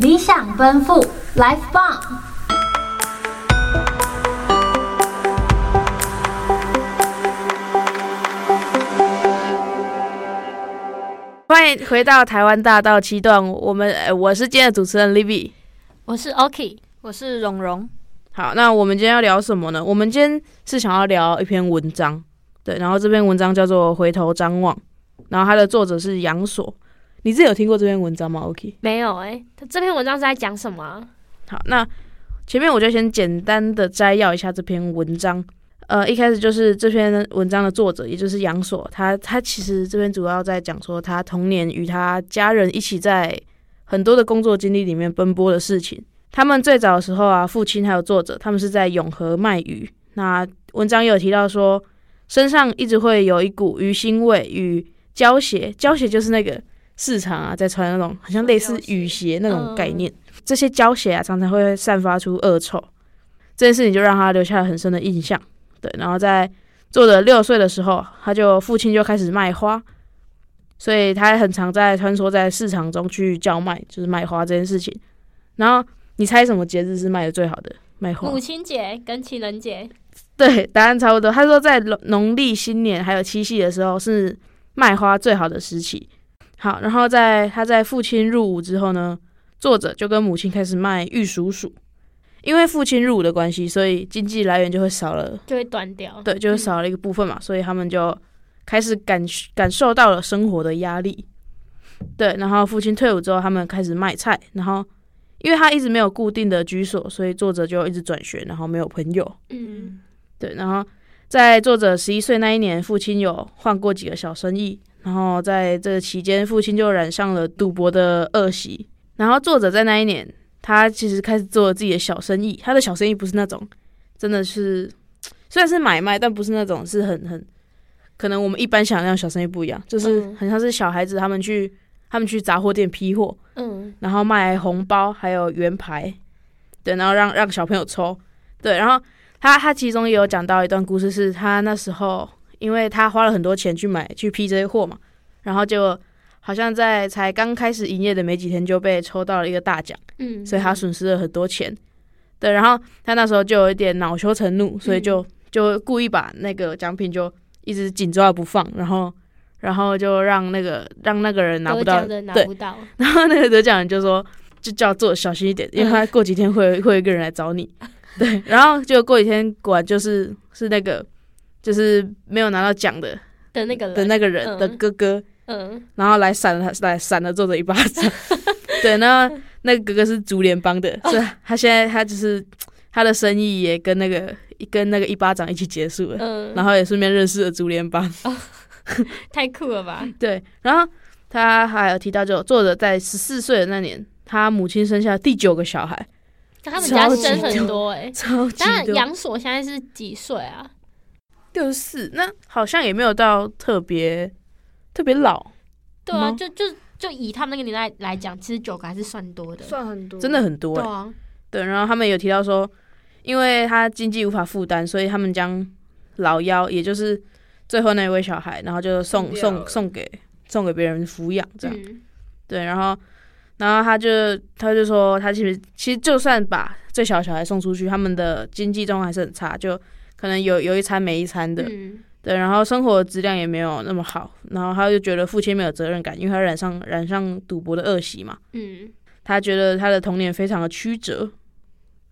理想奔赴，Life 棒！歡迎回到台灣大道七段。我們，呃，我是今天的主持人 Livy，我是 Oakie，我是絨絨。好，那我們今天要聊什麼呢？我們今天是想要聊一篇文章，對，然後這篇文章叫做《回頭張望》，然後它的作者是楊索。你自己有聽過這篇文章嗎？OK，沒有哎、欸。他這篇文章是在講什麼、啊？好，那前面我就先簡單的摘要一下這篇文章。呃，一開始就是這篇文章的作者，也就是楊索。他他其實這邊主要在講說他童年與他家人一起在很多的工作經歷裡面奔波的事情。他們最早的時候啊，父親還有作者他們是在永和賣魚。那文章也有提到說，身上一直會有一股魚腥味與膠鞋，膠鞋就是那個。市場啊，在穿那種好像類似雨鞋那種概念，嗯、這些膠鞋啊常常會散發出惡臭，這件事情就讓他留下了很深的印象。對，然後在作者六歲的時候，他就父親就開始賣花，所以他很常在穿梭在市場中去叫賣，就是賣花這件事情。然後你猜什麼節日是賣的最好的賣花？母親節跟情人節？對，答案差不多。他說在農農曆新年還有七夕的時候是賣花最好的時期。好，然後在他在父親入伍之後呢，作者就跟母親開始賣玉蜀黍。因為父親入伍的關係，所以經濟來源就會少了，就會斷掉，對，就會少了一個部分嘛，嗯、所以他們就開始感感受到了生活的壓力，對，然後父親退伍之後，他們開始賣菜，然後因為他一直沒有固定的居所，所以作者就一直轉學，然後沒有朋友，嗯，對，然後在作者十一歲那一年，父親有換過幾個小生意。然後在這個期間，父親就染上了賭博的惡習。然後作者在那一年，他其實開始做了自己的小生意。他的小生意不是那種，真的是雖然是買賣，但不是那種，是很很可能我們一般想象小生意不一樣，就是很像是小孩子他們去他們去雜貨店批貨，嗯，然後賣紅包還有圓牌，對，然後讓讓小朋友抽，對，然後他他其中也有講到一段故事，是他那時候。因為他花了很多錢去買去批這些貨嘛，然後就好像在才剛開始營業的沒幾天就被抽到了一個大獎，嗯，所以他損失了很多錢，對，然後他那時候就有一點惱羞成怒，所以就就故意把那個獎品就一直緊抓不放，然後然後就讓那個讓那個人拿不到，拿不到，對，然後那個得獎人就說就叫做小心一點，因為他過幾天會、嗯、會有一個人來找你，對，然後就過幾天果然就是是那個。就是沒有拿到獎的的那個的那個人的哥哥，嗯，然後來扇了他，來扇了作者一巴掌。 對，那那個哥哥是竹聯幫的，是、哦、他現在他就是他的生意也跟那個跟那個一巴掌一起結束了，嗯、然後也順便認識了竹聯幫。太酷了吧？ 對，然後他還有提到就，就作者在十四歲的那年，他母親生下第九個小孩，那他們家生很多哎，超級多。但楊所現在是幾歲啊？就是那好像也沒有到特別特別老，對啊，就就就以他們那個年代來講，其實九個還是算多的，算很多，真的很多、欸。對啊、對，然後他們有提到說，因為他經濟無法負擔，所以他們將老幺，也就是最後那一位小孩，然後就送送送給送給別人撫養這樣。嗯、對，然後然後他就他就說，他其實其實就算把最小小孩送出去，他們的經濟狀況還是很差，就。可能有有一餐沒一餐的，嗯、對，然後生活質量也沒有那麼好，然後他就覺得父親沒有責任感，因為他染上染上賭博的惡習嘛，嗯，他覺得他的童年非常的曲折，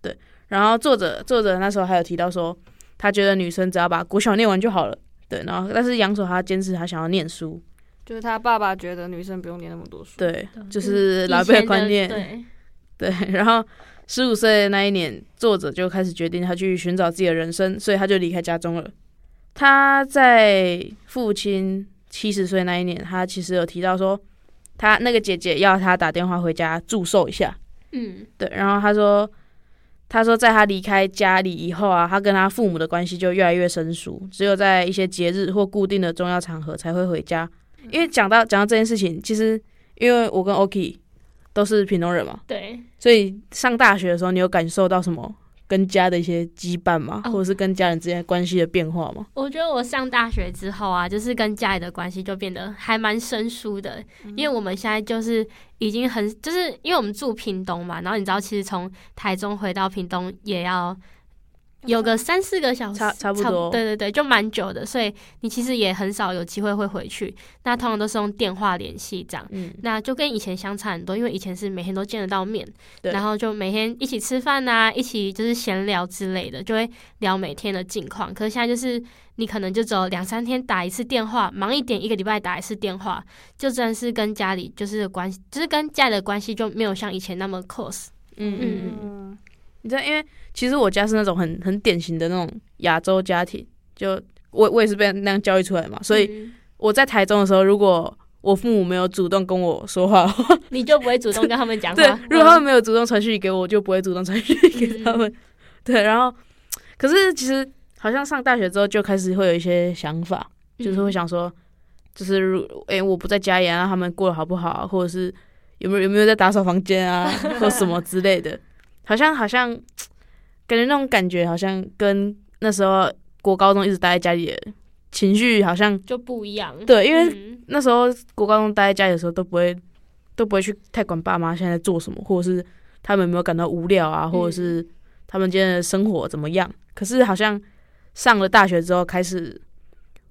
對，然後作者作者那時候還有提到說，他覺得女生只要把國小念完就好了，對，然後但是楊索他堅持他想要念書，就是他爸爸覺得女生不用念那麼多書，對，嗯、就是老輩觀念的，對，對，然後。十五歲的那一年，作者就開始決定他去尋找自己的人生，所以他就離開家中了。他在父親七十歲那一年，他其實有提到說，他那個姐姐要他打電話回家祝壽一下。嗯，對。然後他說，他說在他離開家裡以後啊，他跟他父母的關係就越來越生疏，只有在一些節日或固定的重要場合才會回家。嗯。因為講到講到這件事情，其實因為我跟 Oakie。都是屏東人嘛，對，所以上大學的時候，你有感受到什麼跟家的一些羈絆嗎？哦。或者是跟家人之間關係的變化嗎？我覺得我上大學之後啊，就是跟家裡的關係就變得還蠻生疏的，嗯。因為我們現在就是已經很，就是因為我們住屏東嘛，然後你知道，其實從台中回到屏東也要。有個三四個小時，差不多，差不多，對對對，就蠻久的。所以你其實也很少有機會會回去，那通常都是用電話聯繫這樣。嗯，那就跟以前相差很多，因為以前是每天都見得到面，對然後就每天一起吃飯啊，一起就是閒聊之類的，就會聊每天的近況。可是現在就是你可能就只有兩三天打一次電話，忙一點一個禮拜打一次電話，就算是跟家裡就是關係，就是跟家裡的關係就沒有像以前那麼 close。嗯嗯嗯，你知道因為。其實我家是那種很很典型的那種亞洲家庭，就我我也是被那樣教育出來嘛，所以我在台中的時候，如果我父母沒有主動跟我說話的話，你就不會主動跟他們講話。 對，如果他們沒有主動傳訊給我，我就不會主動傳訊給他們。嗯、對，然後可是其實好像上大學之後就開始會有一些想法，就是會想說，嗯、就是誒我不在家也讓他們過得好不好，或者是有沒有有沒有在打掃房間啊，或什麼之類的，好像 好像。好像感覺那種感覺好像跟那時候國高中一直待在家裡的情緒好像就不一樣。對，因為那時候國高中待在家裡的時候都不會都不會去太管爸媽現在在做什麼，或者是他們有沒有感到無聊啊，或者是他們今天的生活怎麼樣。可是好像上了大學之後，開始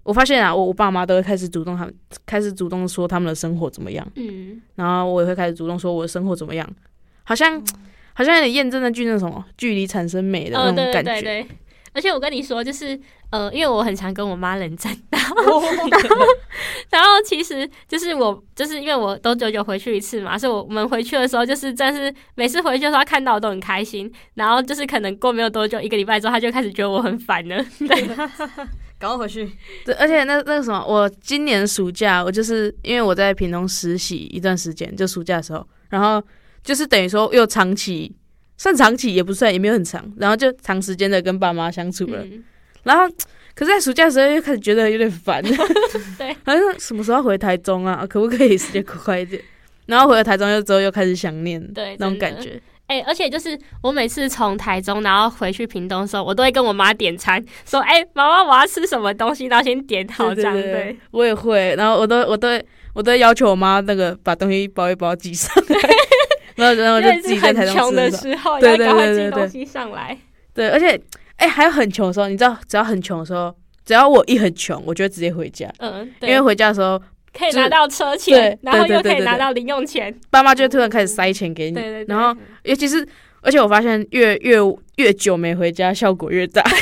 我發現啊，我我爸媽都會開始主動他們開始主動說他們的生活怎麼樣，嗯，然後我也會開始主動說我的生活怎麼樣，好像。好像有點驗證那句那什麼“距離產生美”的那種感覺。Oh, 對，對對對。而且我跟你說，就是呃，因為我很常跟我媽冷戰，然後, oh. 然後，然後其實就是我，就是因為我都久久回去一次嘛，所以我我們回去的時候，就是但是每次回去的時候他看到我都很開心。然後就是可能過沒有多久，一個禮拜之後，他就開始覺得我很煩了。趕 快回去。對，而且那那個什麼，我今年暑假，我就是因為我在屏東實習一段時間，就暑假的時候，然後。就是等於說，又長期算長期也不算，也沒有很長，然後就長時間的跟爸媽相處了，嗯、然後可是在暑假的時候又開始覺得有點煩， 對，好像什麼時候回台中啊？可不可以時間快一點？然後回了台中又之後又開始想念，對那種感覺。哎、欸，而且就是我每次從台中然後回去屏東的時候，我都會跟我媽點餐，說哎媽媽我要吃什麼東西，然後先點好這樣子。我也會，然後我都我都我都，我都要求我媽那個把東西一包一包寄上來。 然後然後就自己在台東吃的時候。對對寄東西上來。對,對，而且，哎、欸，還有很窮的時候，你知道，只要很窮的時候，只要我一很窮，我就會直接回家。嗯。對因為回家的時候，可以拿到車錢，然後又可以拿到零用錢。爸媽就會突然開始塞錢給你。嗯、對,對對。然後，尤其是，而且我發現越，越越越久沒回家，效果越大。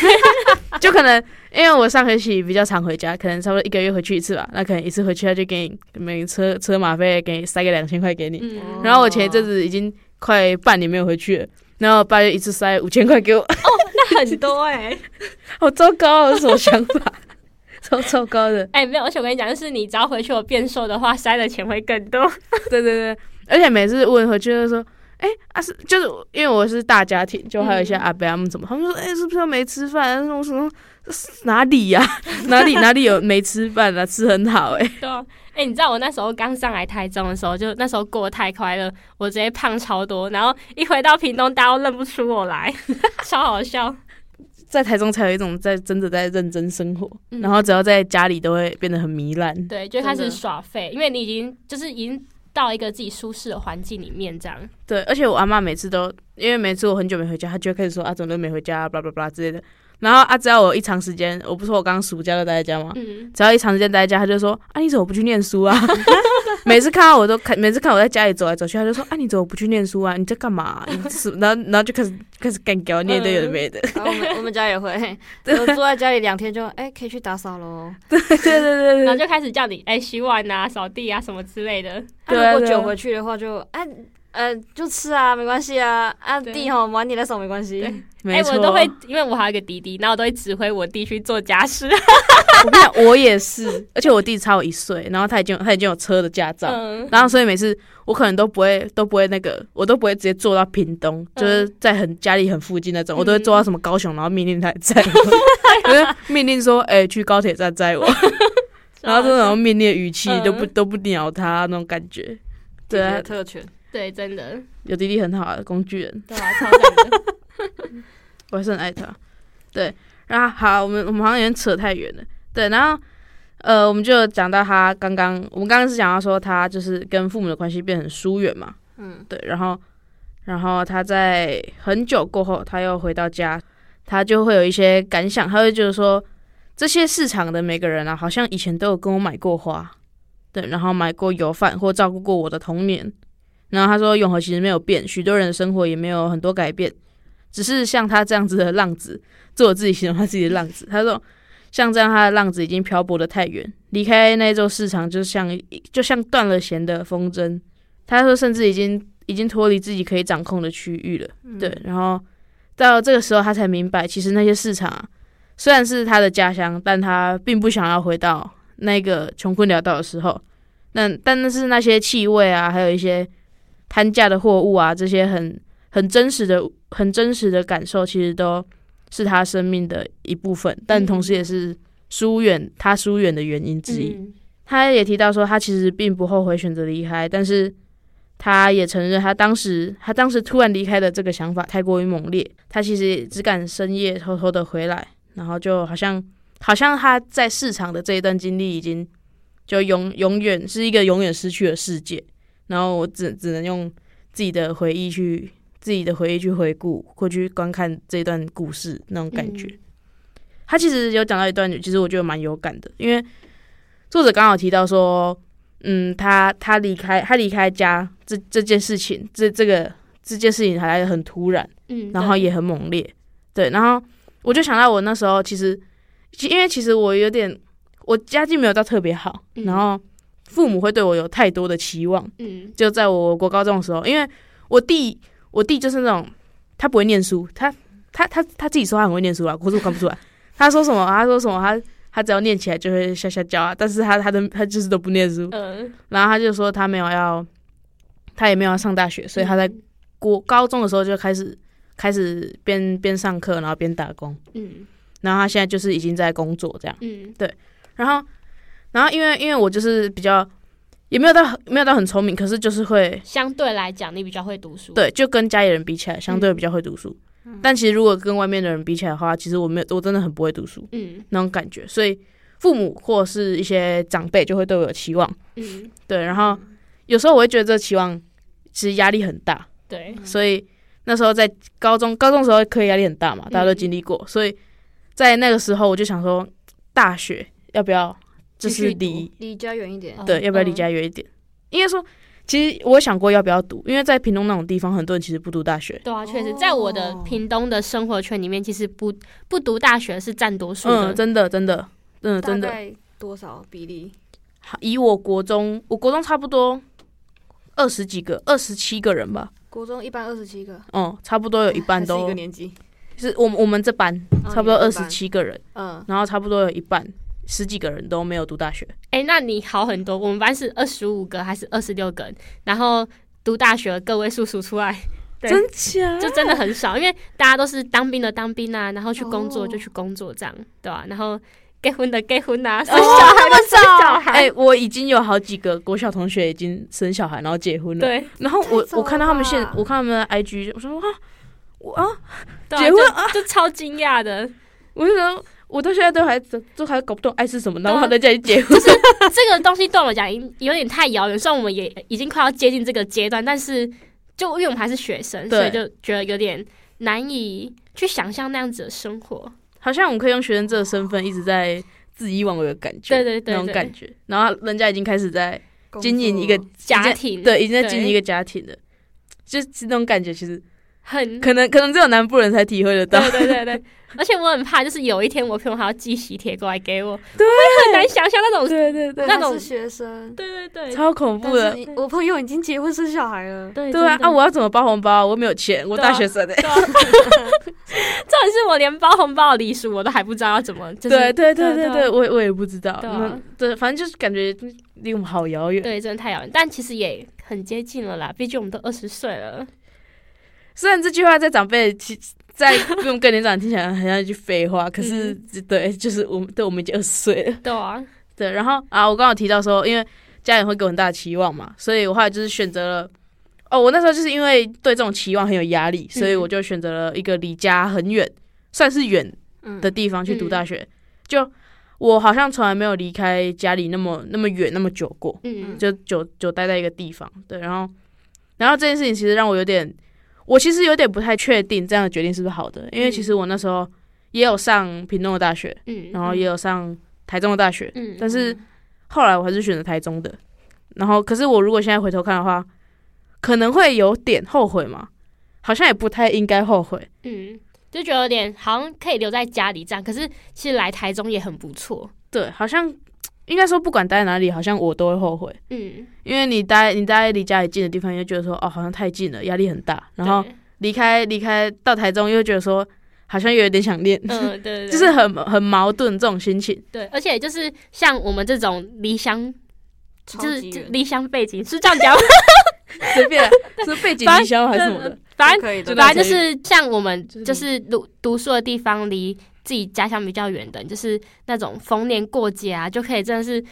就可能，因為我上學期比較常回家，可能差不多一個月回去一次吧。那可能一次回去他就給你每車車馬費，給你塞個兩千塊給你。嗯、然後我前一陣子已經快半年沒有回去了，然後我爸就一次塞五千塊給我。哦， 那很多哎、欸， 好糟糕啊！我的想法， 超糟糕的。哎、欸，沒有，我想跟你講，就是你只要回去我變瘦的話，塞的錢會更多。 對對對，而且每次問回去就說。哎、欸啊，是就是因為我是大家庭，就還有一些阿伯阿、嗯、們怎麼，他們說哎、欸、是不是沒吃飯？但是我說是哪裡呀、啊？ 哪裡哪裡有沒吃飯啊？吃很好哎、欸。對、啊，哎、欸，你知道我那時候剛上來台中的時候，就那時候過得太快了，我直接胖超多，然後一回到屏東，大家都認不出我來，超好笑。 在台中才有一種在真的在認真生活，嗯、然後只要在家裡都會變得很糜爛，對，就開始耍廢，啊、因為你已經就是已經。到一個自己舒適的環境裡面，這樣。對，而且我阿媽每次都，因為每次我很久沒回家，她就開始說啊，怎麼都沒回家啊，blah blah blah 之類的。然後啊，只要我一長時間，我不是說我剛暑假都待在家嗎？嗯、只要一長時間待在家，她就說啊，你怎麼不去念書啊？ 每次看到我都看，每次看我在家裡走來走去，他就說：“啊，你怎麼不去念書啊？你在幹嘛、啊？”然後然後就開始開始干掉念這有的沒的。然後、啊、我，我們家也會，對我坐在家裡兩天就，哎、欸，可以去打掃咯。對對對對，然後就開始叫你，哎，洗碗啊，掃地啊，什麼之類的。對，對，對、啊、如果久回去的話就，就、啊、哎。呃，就吃啊，沒關係啊，啊弟吼，玩你的手沒關係。哎，我都會，因為我還有個弟弟，然後我都會指揮我弟去做家事。我跟你講，我也是，而且我弟差我一歲，然後他已經，他已經有車的駕照，然後所以每次我可能都不會，都不會那個，我都不會直接坐到屏東，就是在很家裡很附近那種，我都會坐到什麼高雄，然後命令他載我，命令說，哎，去高鐵站載我，然後這種命令語氣都不都不鳥他那種感覺，對，特權。對，真的有弟弟很好的，啊，工具人對吧？啊？超贊的， 我還是很愛他。對，然後好，我們我們好像有點扯太遠了。對，然後呃，我們就講到他剛剛，我們剛剛是講到說他就是跟父母的關係變得很疏遠嘛。嗯，對，然後然後他在很久過後，他又回到家，他就會有一些感想，他會就是說這些市場的每個人啊，好像以前都有跟我買過花，對，然後買過油飯或照顧過我的童年。然後他說：“永和其實沒有變，許多人的生活也沒有很多改變，只是像他這樣子的浪子，做我自己形容他自己的浪子。”他說：“像這樣他的浪子已經漂泊得太遠，離開那一座市場，就像就像斷了弦的風箏。”他說：“甚至已經已經脫離自己可以掌控的區域了。”嗯，對。然後到這個時候，他才明白，其實那些市場啊，雖然是他的家鄉，但他並不想要回到那個窮困潦倒的時候。那但那是那些氣味啊，還有一些。攤架的貨物啊，這些很很真實的、很真實的感受，其實都是他生命的一部分，但同時也是疏遠他疏遠的原因之一。嗯、他也提到說，他其實並不後悔選擇離開，但是他也承認，他當時他當時突然離開的這個想法太過於猛烈，他其實只敢深夜偷偷的回來，然後就好像好像他在市場的這一段經歷，已經就永永遠是一個永遠失去的世界。然後我只只能用自己的回憶去自己的回憶去回顧或去觀看這段故事那種感覺。嗯、他其實有講到一段，其實我覺得蠻有感的，因為作者剛好提到說，嗯，他他離開他離開家這這件事情，這這個這件事情還來得很突然，嗯，然後也很猛烈，對，然後我就想到我那時候其實，其因為其實我有點我家境沒有到特別好，然後。嗯父母會對我有太多的期望，嗯，就在我國高中的時候，因為我弟，我弟就是那種他不會念書，他他他他，他自己說他很會念書啊，可是我看不出來， 他說什麼，他說什麼，他他只要念起來就會嚇嚇叫啊，但是他他的他，他就是都不念書，嗯，然後他就說他沒有要，他也沒有要上大學，所以他在國高中的時候就開始開始邊邊上課，然後邊打工，嗯，然後他現在就是已經在工作這樣，嗯，對，然後。然後，因為因為我就是比較也沒有到沒有到很聰明，可是就是會相對來講，你比較會讀書。對，就跟家裡人比起來，相對比較會讀書。嗯、但其實如果跟外面的人比起來的話，其實我沒有我真的很不會讀書，嗯，那種感覺。所以父母或者是一些長輩就會對我有期望，嗯，對。然後有時候我會覺得這期望其實壓力很大，對、嗯。所以那時候在高中高中時候，課業壓力很大嘛，大家都經歷過。嗯、所以在那個時候，我就想說，大學要不要？就是離離家遠一點，對，要不要離家遠一點？應該說，其實我想過要不要讀，因為在屏東那種地方，很多人其實不讀大學。對啊，確實，在我的屏東的生活圈裡面，其實不不讀大學是占多數的。真的，真的，嗯，真的。大概多少比例？以我國中，我國中差不多二十幾個，二十七個人吧。國中一般二十七個，嗯，差不多有一半都一個年級，就是我我們這班差不多二十七個人，嗯，然後差不多有一半。十幾個人都沒有讀大學，哎、欸，那你好很多。我們班是二十五個還是二十六個人？然後讀大學個位數數出來，對真假，就真的很少，因為大家都是當兵的當兵啊，然後去工作就去工作這樣，哦、對吧、啊？然後結婚的結婚啊，生小孩的，生小孩,生小孩。哎、哦欸，我已經有好幾個國小同學已經生小孩，然後結婚了。對，然後我我看到他們現，我看他們 IG，我說哇、啊，我、啊對啊、結婚啊，就超驚訝的，我就說。我到現在都還都還搞不懂愛是什麼，然後人家已經結婚、嗯。就是這個東西，對我講有點太遙遠。 雖然我們也已經快要接近這個階段，但是就因為我們還是學生，對所以就覺得有點難以去想象那樣子的生活。好像我們可以用學生這個身份一直在恣意妄為的感覺，對對，對對對，那種感覺。然後人家已經開始在經營一個家庭，作對，已經在經營一個家庭了，對就是那種感覺，其實。很可能，可能只有南部人才體會得到。對對對對，而且我很怕，就是有一天我朋友還要寄喜帖過來給我，我也很難想象那種。對對對，那種學生，對對對，超恐怖的。我朋友已經結婚生小孩了。對對啊，我要怎麼包紅包？我沒有錢，我大學生耶。真的是我連包紅包的禮數我都還不知道要怎麼。對對對對對，我我也不知道。嗯，對，反正就是感覺離我們好遙遠。對，真的太遙遠。但其實也很接近了啦，畢竟我們都二十歲了。雖然這句話在長輩、在不用跟年長，聽起來很像一句廢話， 可是、嗯、對，就是我們對我們已經二十歲了。對啊，對，然後啊，我剛好提到說，因為家裡會給我很大的期望嘛，所以我後來就是選擇了哦，我那時候就是因為對這種期望很有壓力，所以我就選擇了一個離家很遠、嗯、算是遠的地方去讀大學。嗯嗯、就我好像從來沒有離開家裡那麼那麼遠那麼久過，嗯嗯、就久久待在一個地方。對，然後，然後這件事情其實讓我有點。我其實有點不太確定這樣的決定是不是好的，因為其實我那時候也有上屏東的大學，嗯，然後也有上台中的大學，嗯，嗯，但是後來我還是選擇台中的，然後可是我如果現在回頭看的話，可能會有點後悔嘛，好像也不太應該後悔，嗯，就覺得有點好像可以留在家裡這樣，可是其實來台中也很不錯，對，好像。應該說，不管待在哪裡，好像我都會後悔。嗯，因為你待你待在離家裡近的地方，又覺得說哦，好像太近了，壓力很大。然後離開離對開到台中，又覺得說好像有點想念。嗯，對對對 就是很很矛盾這種心情。對，而且就是像我們這種離鄉，就是離鄉背景是這樣講，隨 便、啊、是，是背景離鄉還是什麼的，反正反正就是像我們就是讀讀書的地方離。自己家鄉比較遠的，就是那種逢年過節啊，就可以真的是，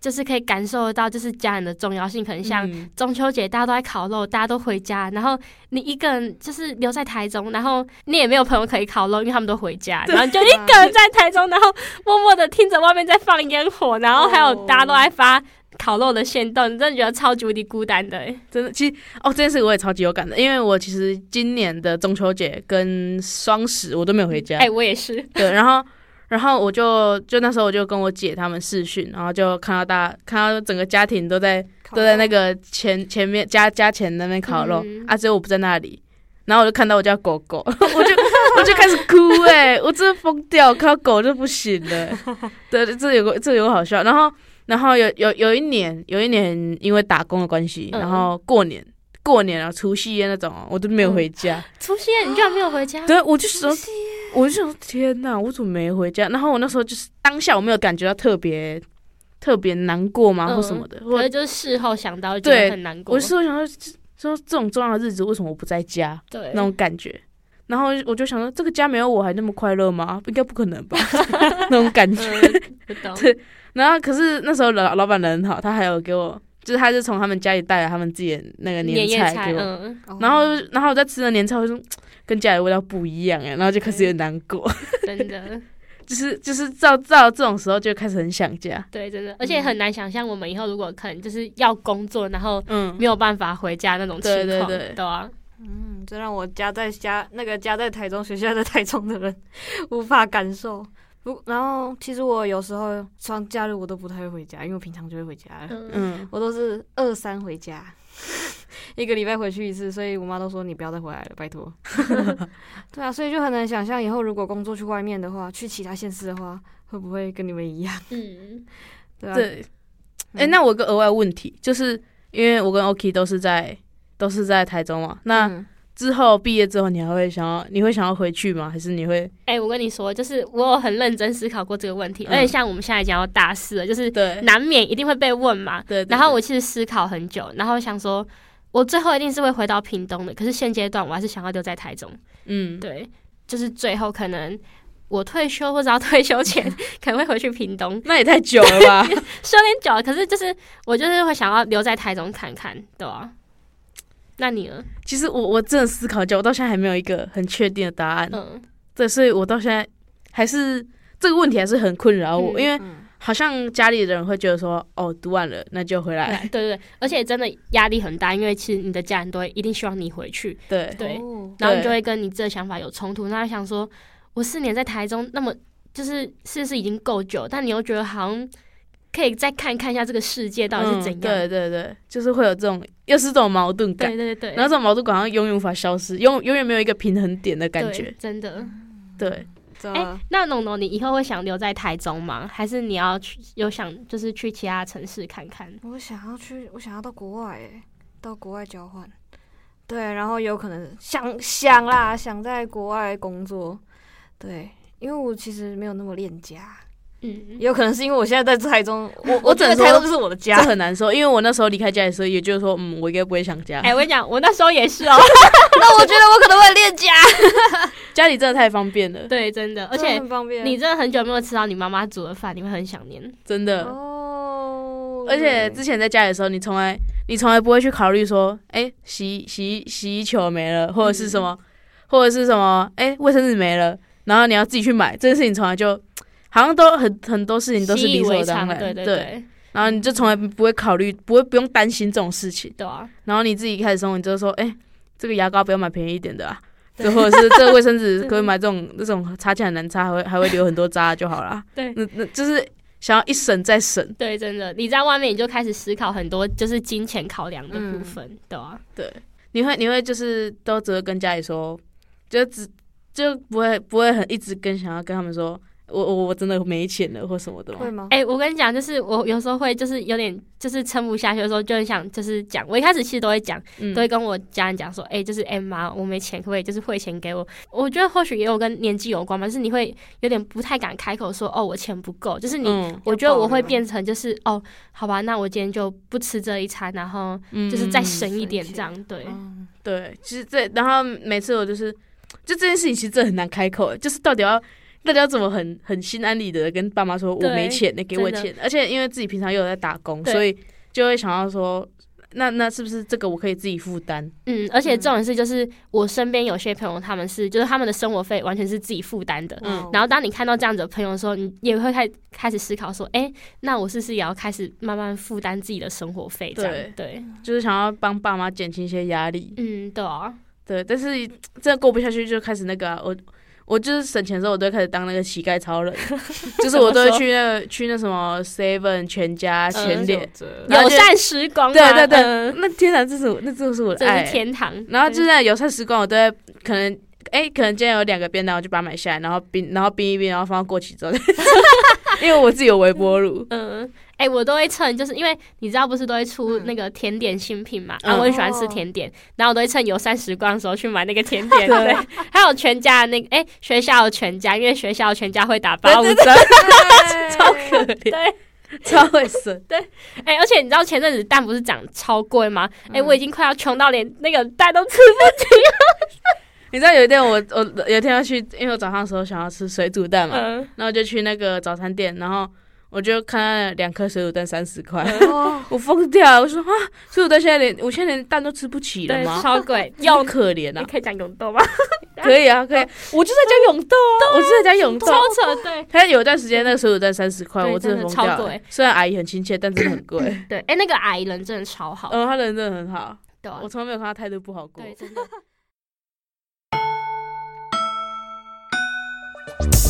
就是可以感受得到，就是家人的重要性。可能像中秋節，大家都在烤肉，大家都回家，然後你一個人就是留在台中，然後你也沒有朋友可以烤肉，因為他們都回家，然後就一個人在台中， 然後默默的聽着外面在放煙火，然後還有大家都愛發。烤肉的限動你真的覺得超級無敵孤單的。欸，真的。其實哦，這件事我也超級有感的，因為我其實今年的中秋節跟雙十我都沒有回家。哎、嗯欸，我也是。對，然後，然後我就就那時候我就跟我姐他們視訊，然後就看到大家看到整個家庭都在肉都在那個前前面家家前那邊烤肉，嗯嗯啊，只有我不在那裡。然後我就看到我家狗狗， 我就我就開始哭。哎、欸， 我真的瘋掉，看到狗就不行了。 對，這有個這有個好笑，然後。然後有有有一年，有一年因為打工的關係，嗯、然後過年過年啊，除夕夜那種，我都沒有回家。嗯、除夕夜你居然沒有回家？對，我就說，除夕，我就想說天吶，我怎麼沒回家？然後我那時候就是當下我沒有感覺到特別特別難過嘛，嗯、或什麼的。我就是事後想到，對，很難過。我事後想到就說，這種重要的日子為什麼我不在家？對，那種感覺。然後我就想說，這個家沒有我還那麼快樂嗎？應該不可能吧， 那種感覺、嗯。不懂對。然後可是那時候老老闆人好，他還有給我，就是他是從他們家裡帶了他們自己的那個年菜給我。年年嗯、然後，然後我在吃的年菜，我就跟家裡味道不一樣哎，然後就開始有點難過。真的對 、就是。就是就是照照這種時候就開始很想家。對，真的，而且很難想象我們以後如果可能就是要工作，然後嗯沒有辦法回家的那種情況，對，對，對，對，對啊嗯，這讓我家在家那個家在台中學校在台中的人無法感受。不，然後其實我有時候雙假日我都不太會回家，因為我平常就會回家。嗯，我都是二三回家，一個禮拜回去一次，所以我媽都說你不要再回來了，拜託。 對啊，所以就很難想象以後如果工作去外面的話，去其他縣市的話，會不會跟你們一樣？嗯，對啊。對。哎、欸，嗯、那我有個額外問題就是，因為我跟 Oakie 都是在。都是在台中嘛？那之後畢業之後，你還會想要？你會想要回去嗎？還是你會？哎、欸，我跟你說，就是我有很認真思考過這個問題。嗯、而且像我們現在已經要大四了，就是難免一定會被問嘛。對。然後我其實思考很久，然後想說，對對對，我最後一定是會回到屏東的。可是現階段，我還是想要留在台中。嗯，對。就是最後可能我退休或者要退休前，可能會回去屏東。那也太久了吧？說有點久了。可是就是我就是會想要留在台中看看，對吧、啊？那你呢？其實我我真的思考一下，我到現在還沒有一個很確定的答案。嗯，對，所以我到現在還是這個問題還是很困擾我，嗯嗯，因為好像家裡的人會覺得說，哦，讀完了那就回來。對，對對，而且真的壓力很大，因為其實你的家人都一定希望你回去。對對，然後你就會跟你這想法有衝突。那對想，想說，我四年在台中，那麼就是是不是已經夠久？但你又覺得好像。可以再看看一下這個世界到底是怎樣、嗯？對對對，就是會有這種，又是這種矛盾感。對對對，然後這種矛盾感好像永遠無法消失，永遠永遠沒有一個平衡點的感覺。真的，對。哎了、欸，那絨絨，你以後會想留在台中嗎？還是你要去有想，就是去其他城市看看？我想要去，我想要到國外，哎，到國外交換。對，然後有可能想想啦，想在國外工作。對，因為我其實沒有那麼戀家。嗯，有可能是因為我現在在台中，我我整個台中就是我的家， 很難受。因為我那時候離開家裡的時候，也就是說，嗯，我應該不會想家。哎、欸，我跟你講，我那時候也是哦、喔。那 我覺得我可能會戀家， 家裡真的太方便了。對，真的，而且很方便。你真的很久沒有吃到你媽媽煮的飯，你會很想念，真的。哦。Oh, 而且之前在家裡的時候，你從來你從來不會去考慮說，哎、欸，洗洗洗衣球沒了，或者是什麼，嗯、或者是什麼，哎、欸，衛生紙沒了，然後你要自己去買，這件事情從來就。好像都很很多事情都是理所當然，對對，對，對。然後你就從來不會考慮，不會不用擔心這種事情，對啊。然後你自己一開始生活你就說，哎、欸，這個牙膏不要買便宜一點的，啊，對就或者是這個衛生紙可，可以買這種那對種，種擦起來很難擦，還會還會留很多渣就好了。對，那那就是想要一省再省。對，真的，你在外面你就開始思考很多，就是金錢考量的部分，嗯、對啊，對，你會你會就是都只會跟家裡說，就只就不會不會很一直跟想要跟他們說。我我我真的沒錢了，或什麼的。會嗎？哎嗎、欸，我跟你講，就是我有時候會，就是有點，就是撐不下去的時候，就很想，就是講。我一開始其實都會講，嗯、都會跟我家人講說，哎、欸，就是哎媽、欸，我沒錢可不可以就是匯錢給我。我覺得或許也有跟年紀有關吧，就是你會有點不太敢開口說，哦，我錢不夠。就是你，嗯、我覺得我會變成就是哦，好吧，那我今天就不吃這一餐，然後就是再省一點這樣。嗯嗯、對，對。其實這，然後每次我就是，就這件事情其實真的很難開口，就是到底要。大家怎麼很很心安理得跟爸媽說我沒錢，你對給我錢，的而且因為自己平常又有在打工，對所以就會想要說，那那是不是這個我可以自己負擔？嗯，而且重要的是，就是我身邊有些朋友，他們是就是他們的生活費完全是自己負擔的。嗯，然後當你看到這樣子的朋友的時候，你也會開始開始思考說，哎、欸，那我是不是也要開始慢慢負擔自己的生活費？對，對，就是想要幫爸媽減輕一些壓力。嗯，對啊，對，但是真的過不下去，就開始那個、啊、我。我就是省錢的時候，我都會開始當那個乞丐超人， 怎麼說，就是我都會去那去那什麼 Seven 全家、全聯友善時光，對對對， 那天堂就是我，那就是我的愛天堂。然後就在友善時光，我都會可能哎、欸，可能今天有兩個便當，我就把它買下來，然後冰，然後冰一冰，然後放到過期之後，因為我自己有微波爐。 嗯。嗯哎，我都會趁，就是因為你知道，不是都會出那個甜點新品嘛？嗯。然後我也喜歡吃甜點，然後我都會趁有三時光的時候去買那個甜點，對不對？還有全家那個，哎，學校全家，因為學校全家會打八五折，超可憐，對，超會省，對。哎，而且你知道前陣子蛋不是漲超貴嗎？哎，我已經快要窮到連那個蛋都吃不起了。你知道有一天我我有一天要去，因為我早上時候想要吃水煮蛋嘛，然後我就去那個早餐店，然後。我就看兩顆水煮蛋三十塊，我瘋掉！我說，啊，水煮蛋現在連我現在連蛋都吃不起了嗎？對，超貴，要可憐了。你可以講永豆嗎？ 可以啊，可以。我就在講永豆，啊，對我是在講永豆。超扯，對。他有一段時間那個水煮蛋三十塊，我真的超貴，雖然阿姨很親切，但真的很貴。對，哎、欸，那個阿姨人真的超好。嗯，她人真的很好。對、啊，我從來沒有看他態度不好過。對，真的。